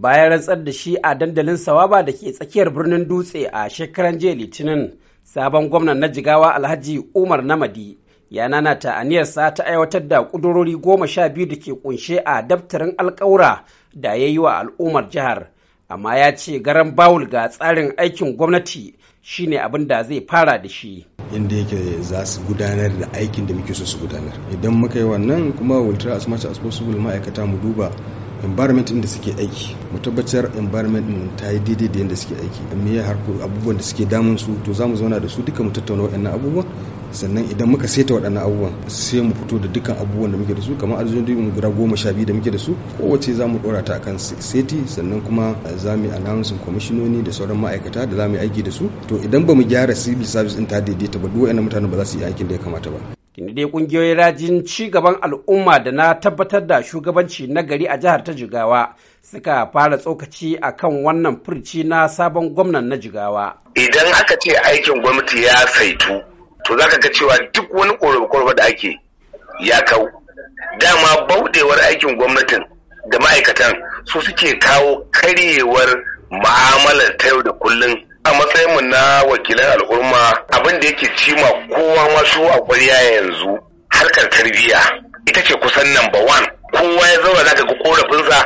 bayan rantsar da shi a dandalin sawaba da ke tsakiyar birnin dutse a shekaran jiya litinin sabon gwamnan na jigawa alhaji umar namadi ya nanata aniyarsa ta aiwatar da ƙudurori goma sha biyu da ke kunshe a daftarin alƙawura da ya yi wa al'ummar jihar amma ya ce garan bawul ga tsarin aikin gwamnati shine abin da zai fara da shi inda yake za su gudanar da aikin da muke so su gudanar idan muka yi wannan kuma will as much as possible ma'aikata mu duba environment inda da suke aiki mu tabbatar environment din ta yi daidai da yadda suke aiki me yi harko abubuwan da suke damun su to za mu zauna da su duka mu tattauna waɗannan abubuwan sannan idan muka saita waɗannan abubuwan sai mu fito da dukkan abubuwan da muke da su kamar arzikin dubu guda goma sha biyu da muke da su kowace za mu ɗora ta akan seti sannan kuma za mu yi announcing kwamishinoni da sauran ma'aikata da za mu yi aiki da su to idan ba mu gyara civil service din ta daidaita kamata ba duk mutanen ba za su yi aikin da ya kamata ba tuni dai kungiyoyin rajin ci gaban al'umma da na tabbatar da shugabanci na gari a jihar ta jigawa suka fara tsokaci a kan wannan furci na sabon gwamnan na jigawa idan aka ce aikin gwamnati ya saitu to za ka ga cewa duk wani korbe da ake ya kau dama bauɗewar aikin gwamnatin da ma'aikatan su suke kawo karyewar ma'amalar ta yau da kullum a matsayinmu na wakilan al'umma abin da yake cima kowa masu a ƙwarya yanzu harkar tarbiyya ita ce kusan number one kowa ya zauna zaka ga korafinsa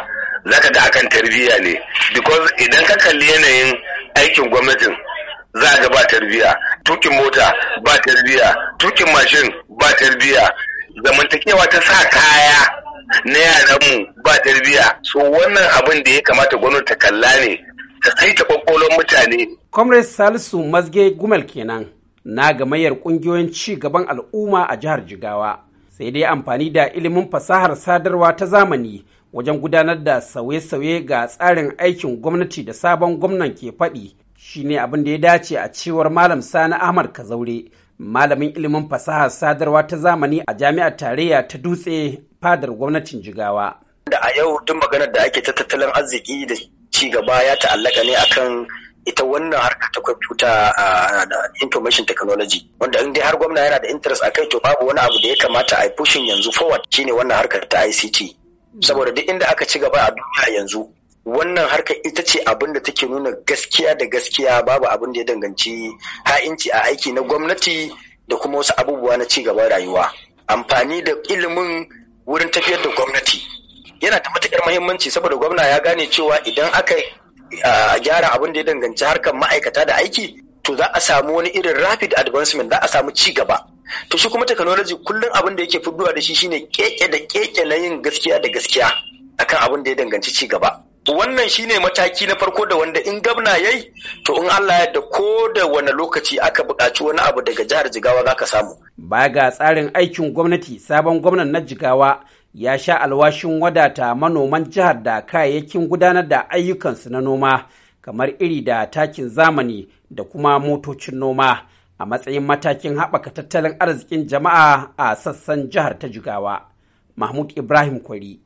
zaka ga akan tarbiyya ne because idan ka kalli yanayin aikin gwamnatin za a ga ba tarbiyya tukin mota ba tarbiyya tukin mashin ba tarbiyya zamantakewa ta sa kaya na yaranmu ba tarbiyya so wannan abin da ya kamata gwamnati ta kalla ne da ta kwakwalwar mutane. Comrade Salisu Mazge Gumel kenan na gamayyar ƙungiyoyin ci gaban al'umma a jihar Jigawa. Sai dai amfani da ilimin fasahar sadarwa ta zamani wajen gudanar da sauye-sauye ga tsarin aikin gwamnati da sabon gwamnan ke faɗi shi ne abin da ya dace a cewar Malam Sani Ahmad Kazaure, malamin ilimin fasahar sadarwa ta zamani a jami'ar tarayya ta dutse fadar gwamnatin Jigawa. Da a yau duk maganar da ake ta tattalin arziki da ci gaba ya ta'allaka ne akan ita wannan harka ta kwamfuta a information technology wanda in dai har gwamna yana da interest a kai to babu wani abu da ya kamata a pushing yanzu forward shine wannan harkar ta ICT saboda duk inda aka ci gaba a duniya yanzu wannan harkar ita ce abin da take nuna gaskiya da gaskiya babu abin da ya danganci ha'inci a aiki na gwamnati da kuma wasu abubuwa na ci gaban rayuwa amfani da ilimin wurin tafiyar da gwamnati yana ta matukar muhimmanci saboda gwamna ya gane cewa idan aka gyara abin da ya danganci harkar ma'aikata da aiki to za a samu wani irin rapid advancement za a samu ci gaba to shi kuma technology kullum abin da yake fuduwa da shi shine keke da keke na yin gaskiya da gaskiya akan abin da ya danganci ci gaba wannan shine mataki na farko da wanda in gabna yayi to in Allah ya da ko da wani lokaci aka buƙaci wani abu daga jihar Jigawa zaka samu baya ga tsarin aikin gwamnati sabon gwamnan na Jigawa ya sha alwashin wadata manoman jihar da kayayyakin gudanar da ayyukansu na noma kamar iri da takin zamani da kuma motocin noma a matsayin matakin haɓaka tattalin arzikin jama'a a sassan jihar ta jigawa mahmud ibrahim kwari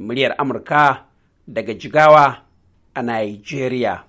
muryar amurka daga jigawa a nigeria